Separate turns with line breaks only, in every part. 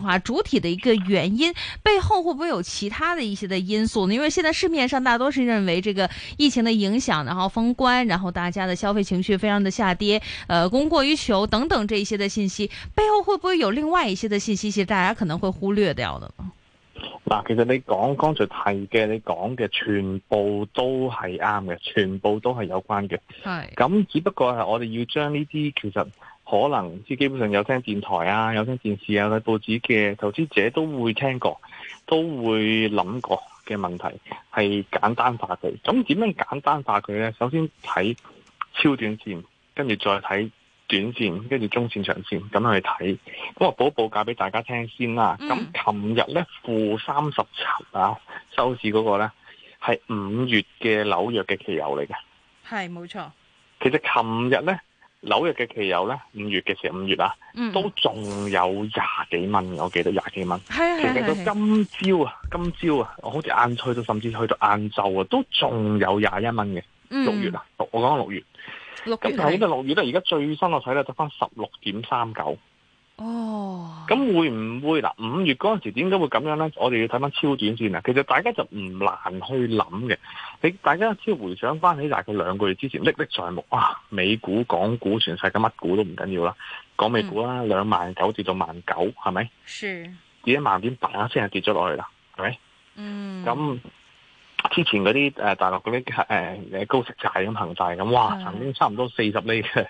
話主體的一個原因，背後會不會有其他的一些的因素呢？因為現在市面上大多是認為這個疫情的影響，然後封關，然後大家的消費情緒非常的下跌，呃，供過於求等等這一些的信息，背後會不會有另外一些的信息，其實大家可能會忽略掉了？
嗱，其實你講剛才提嘅，你講嘅全部都係啱嘅，全部都係有關嘅，係咁，只不過係我哋要將呢啲其實。可能即基本上有聽電台啊，有聽電視啊，睇報紙嘅投資者都會聽過，都會諗過嘅問題係簡單化佢。咁點樣簡單化佢呢？首先睇超短線，跟住再睇短線，跟住中線、長線咁樣去睇。我補報價俾大家聽先啦。咁琴日呢，負三十七啊，收市嗰個呢係五月嘅紐約嘅期油嚟嘅。
係冇錯。
其實琴日呢。紐約嘅期油咧，五月嘅時候五月啊，嗯、都仲有廿幾蚊，我記得廿幾蚊。係係其實到今朝啊，啊，今朝啊，我好似晏去到甚至去到晏晝啊，都仲有廿一蚊嘅。六月，月啊，六我講六月，
六咁但係呢個六
月咧，而家最新落睇咧得翻十六點三九。哦，咁會唔會嗱？五月嗰陣時點解會咁樣咧？我哋要睇翻超短線啊。其實大家就唔難去諗嘅。你大家超回想翻起大概兩個月之前，歷歷在目啊！美股、港股全世界乜股都唔緊要啦。講美股啦，兩、嗯、萬九跌到萬九，係咪？是跌一萬點，嘭一聲跌咗落去啦，係咪？嗯，咁。之前嗰啲大陸嗰啲誒高息債咁恒大咁，哇曾經差唔多四十厘嘅，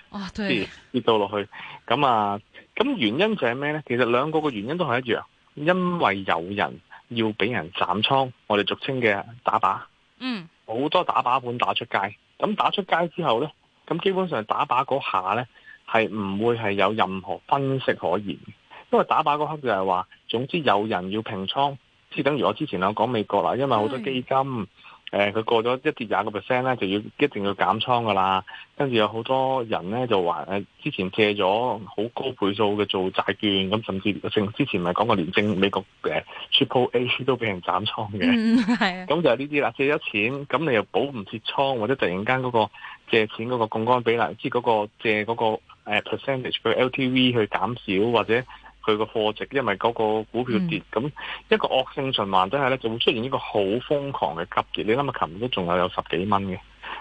跌跌到落去，咁啊，咁原因就係咩呢？其實兩個嘅原因都係一樣，因為有人要俾人斬倉，我哋俗稱嘅打靶，
嗯，
好多打靶盤打出街，咁打出街之後呢，咁基本上打靶嗰下呢，係唔會係有任何分析可言，因為打靶嗰刻就係話，總之有人要平倉。即等於我之前我講美國啦，因為好多基金，誒佢、呃、過咗一跌廿個 percent 咧，就要一定要減倉噶啦。跟住有好多人咧就話誒、呃，之前借咗好高倍數嘅做債券咁，甚至之前咪講過連正美國嘅 Triple A 都俾人斬倉嘅。啊、嗯。咁就係呢啲啦，借咗錢咁你又補唔切倉，或者突然間嗰個借錢嗰個槓桿比例，即嗰個借嗰、嗰個 percentage、呃、佢 LTV 去減少或者。佢個貨值，因為嗰個股票跌，咁、嗯、一個惡性循環真係咧，就會出現一個好瘋狂嘅急跌。你諗下，琴日都仲有有十幾蚊嘅，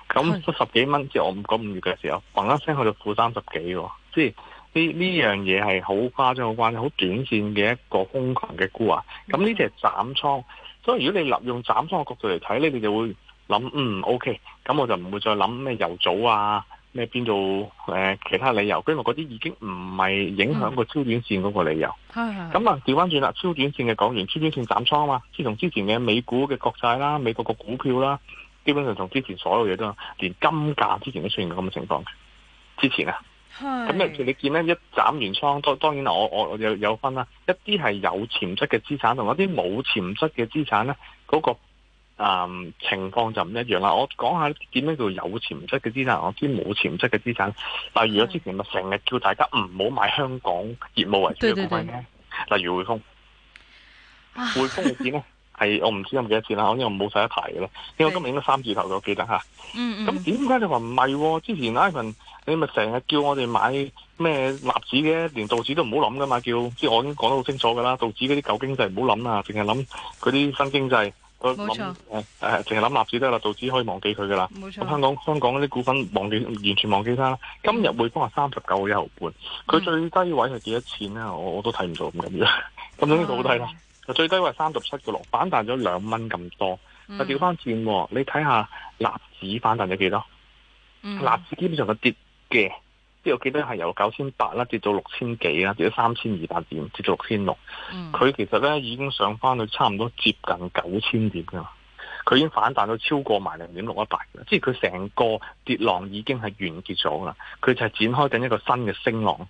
咁都十幾蚊，即係我講五月嘅時候，嘣一聲去到負三十幾喎、哦。即係呢呢樣嘢係好誇張、好關係好短線嘅一個瘋狂嘅沽啊。咁呢只係斬倉，所以如果你利用斬倉嘅角度嚟睇咧，你就會諗嗯 OK，咁我就唔會再諗咩油組啊。咩變做誒、呃、其他理由，因為嗰啲已經唔係影響個超短線嗰個理由。係咁啊，調翻轉啦，超短線嘅港元、超短線斬倉啊嘛。即係同之前嘅美股嘅國債啦，美國個股票啦，基本上同之前所有嘢都係，連金價之前都出現過咁嘅情況。之前啊，咁你見咧，一斬完倉，當當然我我我有我有分啦，一啲係有潛質嘅資產，同一啲冇潛質嘅資產咧，嗰個。啊、um，情況就唔一樣啦。我講下點樣叫有潛質嘅資產，我知冇潛質嘅資產。例如，我之前咪成日叫大家唔好買香港業務為主嘅股份，例如，匯、啊、豐，
匯豐嘅錢
咧係我唔知有幾多錢啦。我因為冇睇一排嘅咧，因為今日應該三字頭，就記得吓、啊。嗯，咁點解你話唔係之前 Ivan 你咪成日叫我哋買咩納指嘅，連道指都唔好諗㗎嘛。叫即係我已經講得好清楚噶啦，道指嗰啲舊經濟唔好諗啦，淨係諗嗰啲新經濟。我諗誒誒，淨係諗納指得啦，道、呃、指可，可以忘記佢噶啦。香港香港嗰啲股份忘記完全忘記晒啦。今日匯豐係三十九個一毫半，佢最低位係幾多錢咧？我我都睇唔到咁樣，咁樣好低啦。最低位三十七個六，反彈咗兩蚊咁多。啊、嗯，調翻轉，你睇下納指反彈咗幾多？納、嗯、指基本上佢跌嘅。即係我記得係由九千八啦跌到六千幾啦，跌咗三千二百點，跌到六千六。佢其實咧已經上翻去差唔多接近九千點噶，佢已經反彈到超過埋零點六一八，即係佢成個跌浪已經係完結咗啦，佢就係展開緊一個新嘅升浪。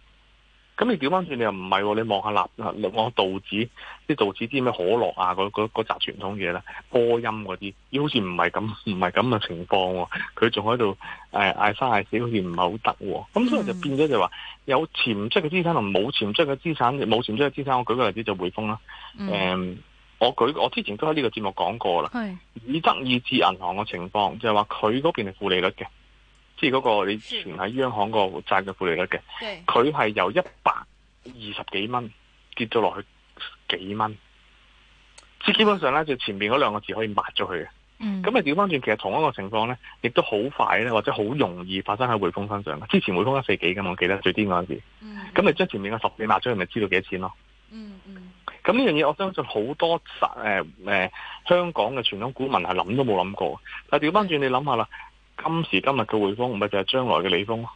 咁你調翻轉，你又唔係喎？你望下立，我道指，即係道指啲咩可樂啊，嗰嗰嗰傳統嘢咧，波音嗰啲，好似唔係咁，唔係咁嘅情況喎、哦。佢仲喺度誒嗌生嗌死，好似唔係好得喎。咁所以就變咗就話有潛質嘅資產同冇潛質嘅資產，冇潛質嘅資產，我舉個例子就匯豐啦。誒、嗯嗯，我舉我之前都喺呢個節目講過啦。以德意志銀行嘅情況就係話，佢嗰邊係負利率嘅。即係嗰個你存喺央行個債嘅負利率嘅，佢係由一百二十幾蚊跌咗落去幾蚊，即係基本上咧，就前面嗰兩個字可以抹咗佢。嘅、嗯。咁啊調翻轉，其實同一個情況咧，亦都好快咧，或者好容易發生喺匯豐身上。之前匯豐一四幾咁，我記得最癲嗰陣時。咁咪將前面嘅十幾抹咗，咪知道幾多錢咯？嗯嗯。咁呢樣嘢我相信好多實誒、呃呃、香港嘅傳統股民係諗都冇諗過。但係調翻轉，你諗下啦。今時今日嘅匯豐，唔係就係將來嘅利豐咯。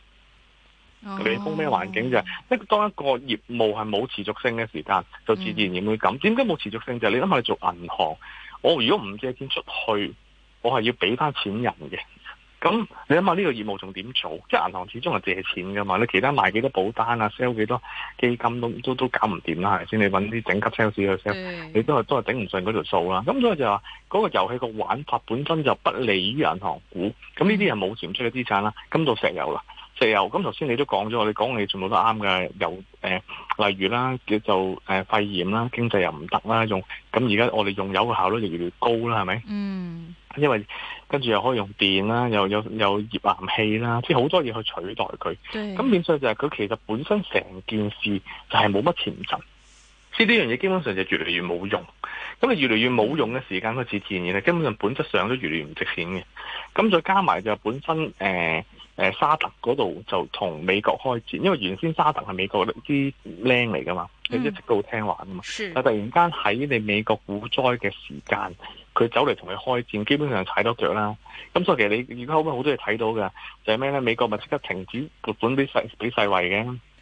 利豐咩環境、oh. 就係一當一個業務係冇持續性嘅時間，就自然而然會咁。點解冇持續性就係、是、你諗下，你做銀行，我如果唔借錢出去，我係要俾翻錢人嘅。咁你諗下呢個業務仲點做？即係銀行始終係借錢噶嘛，你其他賣幾多保單啊，sell 幾多基金都都都搞唔掂啦。首先你搵啲整級 sales 去 sell，你都係都係頂唔順嗰條數啦。咁所以就話嗰、嗰個遊戲個玩法本身就不利於銀行股。咁呢啲係冇潛質嘅資產啦。咁到石油啦，石油咁頭先你都講咗，你講嘅嘢全部都啱嘅。油誒、呃，例如啦，叫做誒肺炎啦，經濟又唔得啦，用咁而家我哋用油嘅效率就越嚟越高啦，係咪？嗯。因為跟住又可以用電啦、啊，又有有頁岩氣啦、啊，即係好多嘢去取代佢。咁變相就係佢其實本身成件事就係冇乜前景，即係呢樣嘢基本上就越嚟越冇用。咁你越嚟越冇用嘅時間開始出現，咧，根本上本質上都越嚟越唔值錢嘅。咁再加埋就本身誒誒、呃、沙特嗰度就同美國開戰，因為原先沙特係美國啲僆嚟噶嘛，佢一直都好聽話噶嘛。但突然間喺你美國股災嘅時間。佢走嚟同佢開戰，基本上踩多腳啦。咁所以其實你而家後尾好多嘢睇到嘅，就係咩咧？美國咪即刻停止撥款俾世俾世衛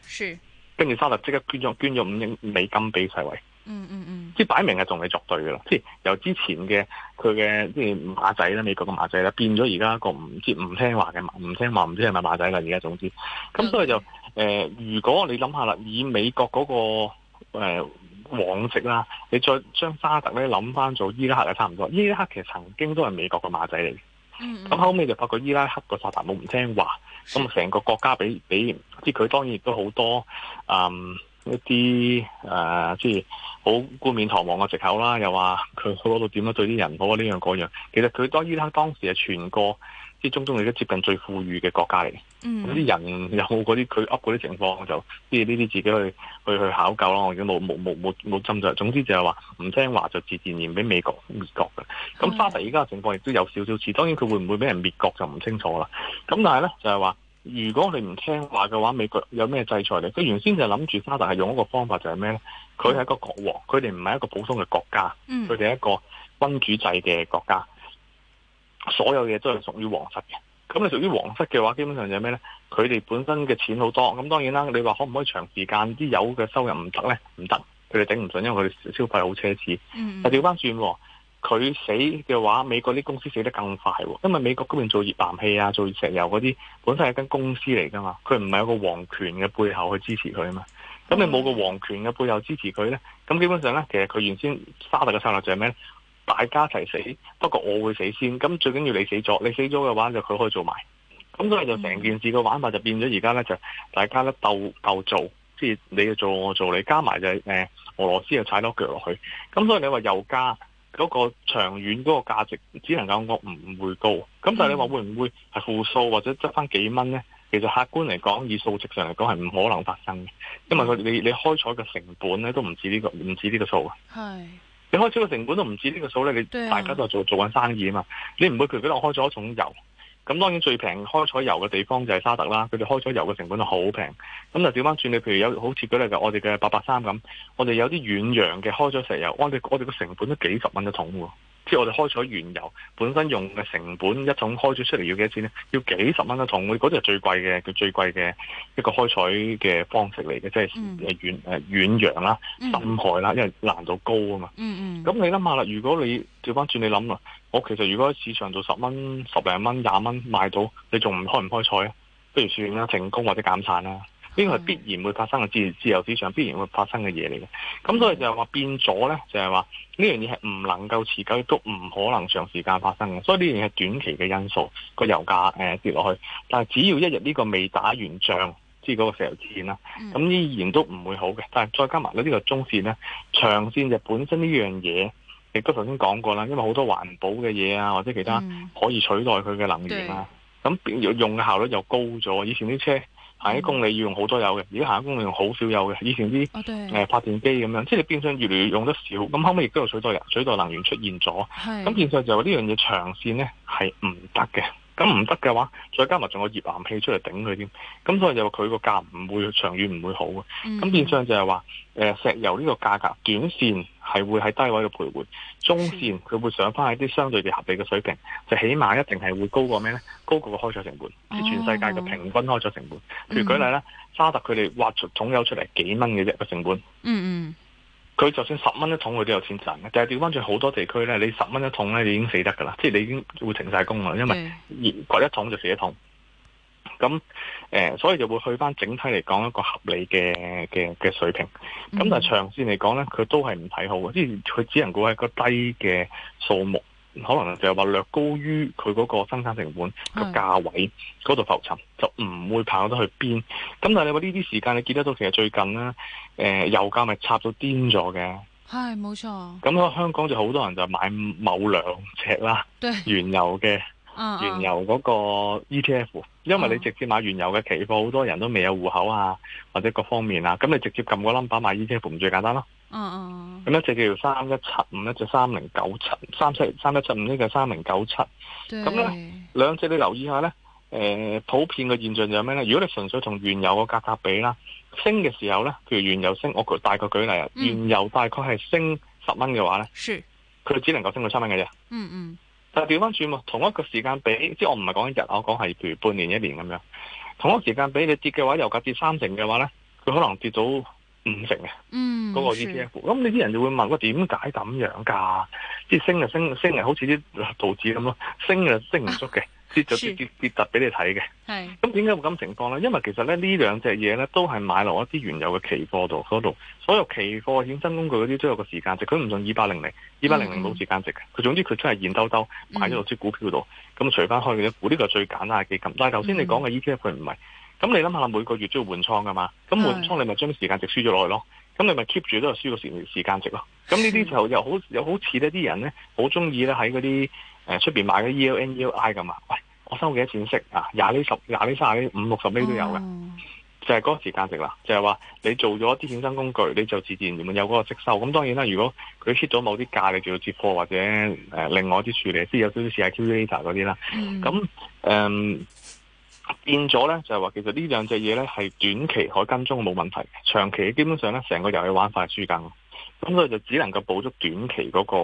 嘅，跟住沙特即刻捐咗捐咗五億美金俾世衛。嗯嗯嗯，即係擺明係同你作對㗎啦。即係由之前嘅佢嘅即係馬仔啦，美國嘅馬仔啦，變咗而家一個唔知唔聽話嘅馬，唔聽話唔知係咪馬仔啦。而家總之，咁所以就誒、嗯呃，如果你諗下啦，以美國嗰、嗰個、呃往昔啦，你再將沙特咧諗翻做伊拉克就差唔多，伊拉克其實曾經都係美國個馬仔嚟嘅。咁、mm -hmm. 後尾就發覺伊拉克個薩達姆唔聽話，咁啊成個國家俾俾、嗯呃，即係佢當然亦都好多嗯一啲誒，即係好冠冕堂皇嘅藉口啦，又話佢去嗰度點樣對啲人好啊，呢樣嗰樣。其實佢當伊拉克當時係全個。即係中東，你而家接近最富裕嘅國家嚟嘅。嗯，啲人有嗰啲佢噏嗰啲情況，就即係呢啲自己去去去考究咯。我而家冇冇冇冇冇斟著。總之就係話唔聽話就自自然然俾美國滅國嘅。咁沙特而家嘅情況亦都有少少似，當然佢會唔會俾人滅國就唔清楚啦。咁但係咧就係、是、話，如果你唔聽話嘅話，美國有咩制裁你？佢原先就諗住沙特係用一個方法就係咩咧？佢係一個國王，佢哋唔係一個普通嘅國家，佢、嗯、哋係一個君主制嘅國家。所有嘢都係屬於皇室嘅，咁你屬於皇室嘅話，基本上就係咩呢？佢哋本身嘅錢好多，咁當然啦。你話可唔可以長時間啲油嘅收入唔得呢？唔得，佢哋頂唔順，因為佢哋消費好奢侈。嗯。但調翻轉，佢死嘅話，美國啲公司死得更快。因為美國嗰邊做熱電氣啊，做石油嗰啲，本身係一間公司嚟噶嘛，佢唔係有個皇權嘅背後去支持佢啊嘛。咁你冇個皇權嘅背後支持佢呢？咁基本上呢，其實佢原先沙特嘅策略就係咩呢？大家一齊死，不過我會死先。咁最緊要你死咗，你死咗嘅話就佢可以做埋。咁所以就成件事嘅玩法就變咗，而家呢，就大家咧鬥鬥做，即、就、係、是、你做我做你，你加埋就誒、是呃、俄羅斯又踩多腳落去。咁所以你話油價嗰個長遠嗰個價值，只能夠我唔會高。咁但係你話會唔會係負數或者執翻幾蚊呢？其實客觀嚟講，以數值上嚟講係唔可能發生嘅，因為佢你你開採嘅成本呢，都唔止呢個唔止呢個數。係。你開採嘅成本都唔止呢個數咧，你大家都做、啊、做緊生意啊嘛。你唔會隨我開咗一桶油，咁當然最平開採油嘅地方就係沙特啦。佢哋開採油嘅成本都就好平。咁就調翻轉，你譬如有好似舉例就我哋嘅八八三咁，我哋有啲遠洋嘅開採石油，我哋我哋嘅成本都幾十蚊一桶喎。即係我哋開採原油本身用嘅成本，一桶開咗出嚟要幾多錢咧？要幾十蚊一桶，嗰啲係最貴嘅，最貴嘅一個開採嘅方式嚟嘅，即係誒遠，嗯、遠洋啦、深海啦、嗯，因為難度高啊嘛。咁、嗯嗯、你諗下啦，如果你調翻轉你諗啦，我其實如果喺市場做十蚊、十零蚊、廿蚊賣到，你仲唔開唔開採啊？不如算啦，停工或者減產啦。呢個係必然會發生嘅，自自由市場必然會發生嘅嘢嚟嘅。咁所以就係話變咗咧，就係話呢樣嘢係唔能夠持久，亦都唔可能長時間發生嘅。所以呢樣嘢係短期嘅因素，個油價誒、呃、跌落去。但係只要一日呢個未打完仗，即係嗰個石油戰啦，咁依然都唔會好嘅。但係再加埋呢個中線咧，長線就本身呢樣嘢，亦都頭先講過啦。因為好多環保嘅嘢啊，或者其他可以取代佢嘅能源啊，咁、mm -hmm. 用用嘅效率又高咗。以前啲車。行一公里要用好多油嘅，而家行一公里用好少油嘅。以前啲發、oh, 呃、電機咁樣，即係你變相越嚟越用得少。咁後尾亦都有水電、水電能源出現咗。咁變相就話呢樣嘢長線咧係唔得嘅。咁唔得嘅話，再加埋仲有頁岩氣出嚟頂佢添，咁所以就話佢個價唔會長遠，唔會好嘅。咁變相就係話，誒，石油呢個價格短線係會喺低位嘅徘徊，中線佢會上返喺啲相對嘅合理嘅水平，就起碼一定係會高過咩咧？高過個開採成本，即、oh. 係全世界嘅平均開採成本。譬如舉例咧，沙特佢哋挖出桶油出嚟幾蚊嘅啫個成本。嗯
嗯。
佢就算十蚊一桶，佢都有錢賺嘅。但係調翻轉好多地區咧，你十蚊一桶咧，你已經死得噶啦，即係你已經會停晒工啦，因為每掘一桶就死一桶。咁誒、呃，所以就會去翻整體嚟講一個合理嘅嘅嘅水平。咁但係長線嚟講咧，佢都係唔睇好嘅，即係佢只能估係一個低嘅數目。可能就係話略高於佢嗰個生產成本個價位，嗰度浮沉就唔會跑得去邊。咁但係你話呢啲時間你見得到，其實最近呢、啊、誒、呃、油價咪插到癲咗嘅。
係，冇錯。
咁香港就好多人就買某兩隻啦，原油嘅。Uh, uh, 原油嗰個 ETF，因為你直接買原油嘅期貨，好、uh, 多人都未有戶口啊，或者各方面啊，咁你直接撳個 number 買 ETF，唔最簡單咯。
嗯
嗯。咁一隻叫三一七五，一隻三零九七，三七三一七五呢就三零九七。對。咁咧，兩隻你留意一下咧，誒、呃，普遍嘅現象係咩咧？如果你純粹同原油個價格,格比啦，升嘅時候咧，譬如原油升，我大概舉例啊、嗯，原油大概係升十蚊嘅話咧，是，佢只能夠升到七蚊嘅啫。嗯嗯。但係調翻轉嘛，同一個時間比，即係我唔係講一日，我講係譬如半年，一年咁樣。同一個時間比，你跌嘅話，油價跌三成嘅話呢，佢可能跌到五成嘅。嗯，嗰、那個 ETF。咁、嗯、你啲人就會問，點解咁樣噶、啊？即係升就升，升嘅好似啲道指咁咯，升就升唔足嘅。啊」跌就直接跌突俾你睇嘅，咁點解會咁情況咧？因為其實咧呢兩隻嘢咧都係買落一啲原有嘅期貨度嗰度，所有期貨衍生工具嗰啲都有個時間值，佢唔用二百零零，二百零零冇時間值嘅。佢總之佢出係現兜兜買咗落啲股票度，咁除翻開佢啲股，呢個最簡單嘅基金。但係頭先你講嘅 ETF 唔係，咁你諗下每個月都要換倉噶嘛，咁換倉你咪將啲時間值輸咗落去咯，咁你咪 keep 住都係輸個時時間值咯。咁呢啲就又好又 好似呢啲人咧好中意咧喺啲誒出邊買嘅 ELN、ELI 㗎嘛？收幾多錢息啊？廿釐十、廿釐卅釐、五六十釐都有嘅，mm -hmm. 就係嗰個時間值啦。就係、是、話你做咗啲衍生工具，你就自自然然會有嗰個息收。咁當然啦，如果佢 hit 咗某啲價，你就要接貨或者誒、呃、另外一啲處理，先有少少試下 accumulator 嗰啲啦。咁、mm、誒 -hmm. 呃、變咗咧，就係、是、話其實這兩呢兩隻嘢咧係短期可以跟蹤冇問題，長期基本上咧成個遊戲玩法係輸緊。咁所以就只能夠捕捉短期嗰、那個、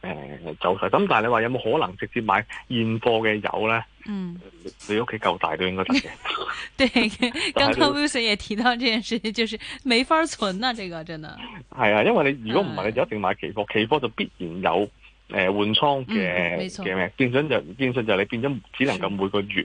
呃、走勢。咁但係你話有冇可能直接買現貨嘅油咧？
嗯，
你屋企夠大都應該得嘅。
對，剛剛 Wilson 也提到這件事，就是沒法存啊，這個真的。
係啊，因為你如果唔係，你就一定買期貨。期貨就必然有誒換倉嘅冇錯，嘅咩？變相就是、變相就你變咗只能夠每個月。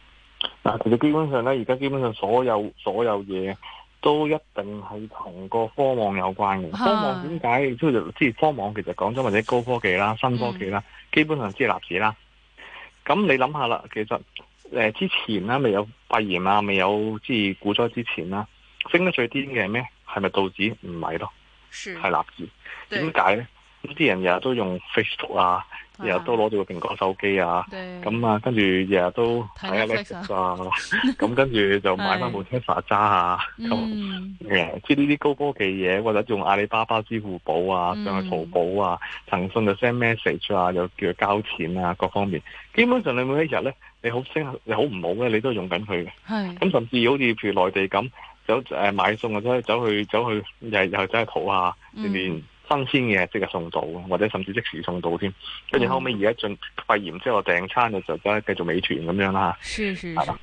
嗱，其實基本上咧，而家基本上所有所有嘢都一定係同個科網有關嘅。科網點解？即係即係科網，其實講咗或者高科技啦、新科技啦，嗯、基本上即係納指啦。咁你諗下啦，其實誒、呃、之前咧、啊、未有肺炎啊，未有即係股災之前啦、啊，升得最癲嘅係咩？係咪道指？唔係咯，係納指。點解咧？咁啲人日日都用 Facebook 啊？日日都攞住個蘋果手機啊，咁啊，跟住日日都睇 Netflix 啊，咁跟住就買翻部 Tesla 揸下，咁誒，即係呢啲高科技嘢，或者用阿里巴巴支付寶啊，上去淘寶啊，騰訊就 send message 啊，又叫交錢啊，各方面，基本上你每一日咧，你好升，你好唔好咧，你都用緊佢嘅。係。咁甚至好似譬如內地咁，走誒買餸或者，走去走去又又走去淘啊呢邊。新鮮嘅即刻送到，或者甚至即時送到添。跟、嗯、住後尾，而家進肺炎之後訂餐嘅時候，而家繼續美團咁樣啦，係啦，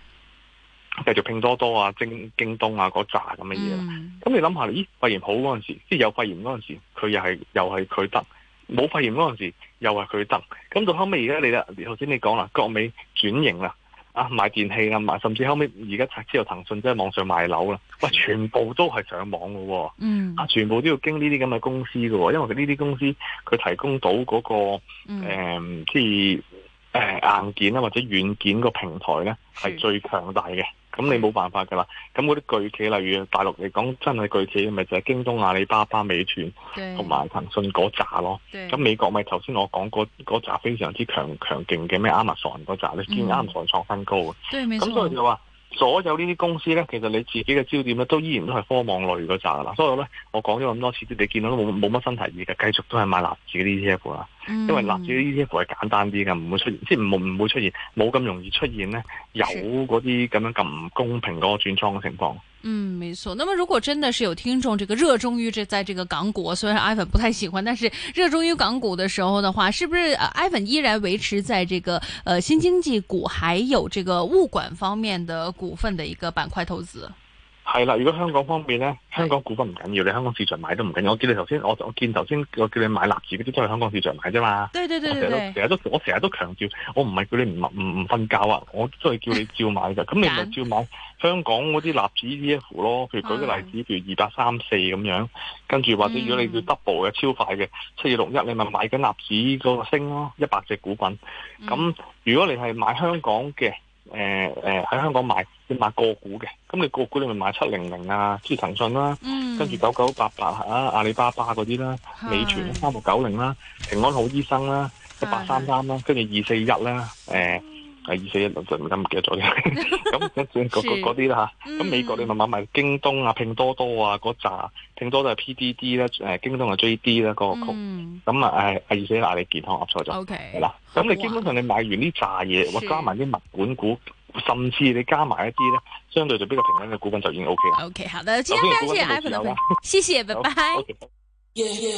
繼續拼多多啊、京京東啊嗰扎咁嘅嘢。咁、嗯、你諗下，咦？肺炎好嗰陣時，即係有肺炎嗰陣時，佢又係又係佢得；冇肺炎嗰陣時，又係佢得。咁到後尾，而家你啦，頭先你講啦，國美轉型啦。啊，買電器啦，買甚至後尾而家甚至有騰訊即係網上賣樓啦，喂，全部都係上網嘅嗯，啊、mm.，全部都要經呢啲咁嘅公司噶，因為佢呢啲公司佢提供到嗰、嗰
個
誒，即係誒硬件啦或者軟件個平台咧係最強大嘅。咁你冇辦法噶啦，咁嗰啲巨企，例如大陸嚟講真係巨企，咪就係、是、京東、阿里巴巴、美團同埋騰訊嗰扎咯。咁美國咪頭先我講嗰嗰扎非常之強強勁嘅咩亞馬遜嗰扎，你見啱唔遜創新高嘅。咁所以就話所有呢啲公司咧，其實你自己嘅焦點咧，都依然都係科網類嗰扎噶啦。所以咧，我講咗咁多次，你見到都冇冇乜新提議嘅，繼續都係買納指嗰啲啲 ETF 啦。因為納指 ETF 呢啲係簡單啲嘅，唔會出現，即係唔唔會出現，冇咁容易出現咧，有嗰啲咁樣咁唔公平嗰個轉倉嘅情況。
嗯，沒錯。那麼如果真的是有聽眾，這個熱衷於這在這個港股，雖然 Ivan 不太喜歡，但是熱衷於港股的時候的話，是不是 Ivan 依然維持在這個，呃新經濟股還有這個物管方面的股份的一個板塊投資？
係啦，如果香港方面咧，香港股份唔緊要，你香港市場買都唔緊要。我見你頭先，我我見頭先，我叫你買納指嗰啲都係香港市場買啫嘛。
對對對。成日
都我成日都，都強調，我唔係叫你唔唔唔瞓覺啊，我都係叫你照買噶。咁 你咪照買香港嗰啲納指 ETF 咯。譬如舉個例子，譬 如二百三四咁樣，跟住或者如果你叫 double 嘅、嗯、超快嘅七二六一，7261，你咪買緊納指嗰個升咯，一百隻股份。咁、嗯、如果你係買香港嘅。誒誒喺香港買，要買個股嘅，咁、那、你個股你咪買七零零啊，即係騰訊啦、啊，跟住九九八八啊，阿里巴巴嗰啲啦，美團三六九零啦，平、啊、安好醫生啦、啊，一八三三啦，跟住二四一啦，誒、啊。呃係二四一六就唔敢唔記得咗嘅，咁嗰嗰嗰啲啦嚇，咁、嗯、 美國你慢慢買埋京東啊、拼多多啊嗰扎，拼多多係 PDD 啦、啊，誒京東係 JD 啦嗰個曲，咁啊誒阿二四一你健康噏錯咗，係、okay，啦，咁、嗯、你基本上你買完呢扎嘢，或加埋啲物管股，甚至你加埋一啲咧，相對就比較平穩嘅股份就已經 OK 啦。
OK，好啦，多謝嘉嘉，謝謝，拜拜。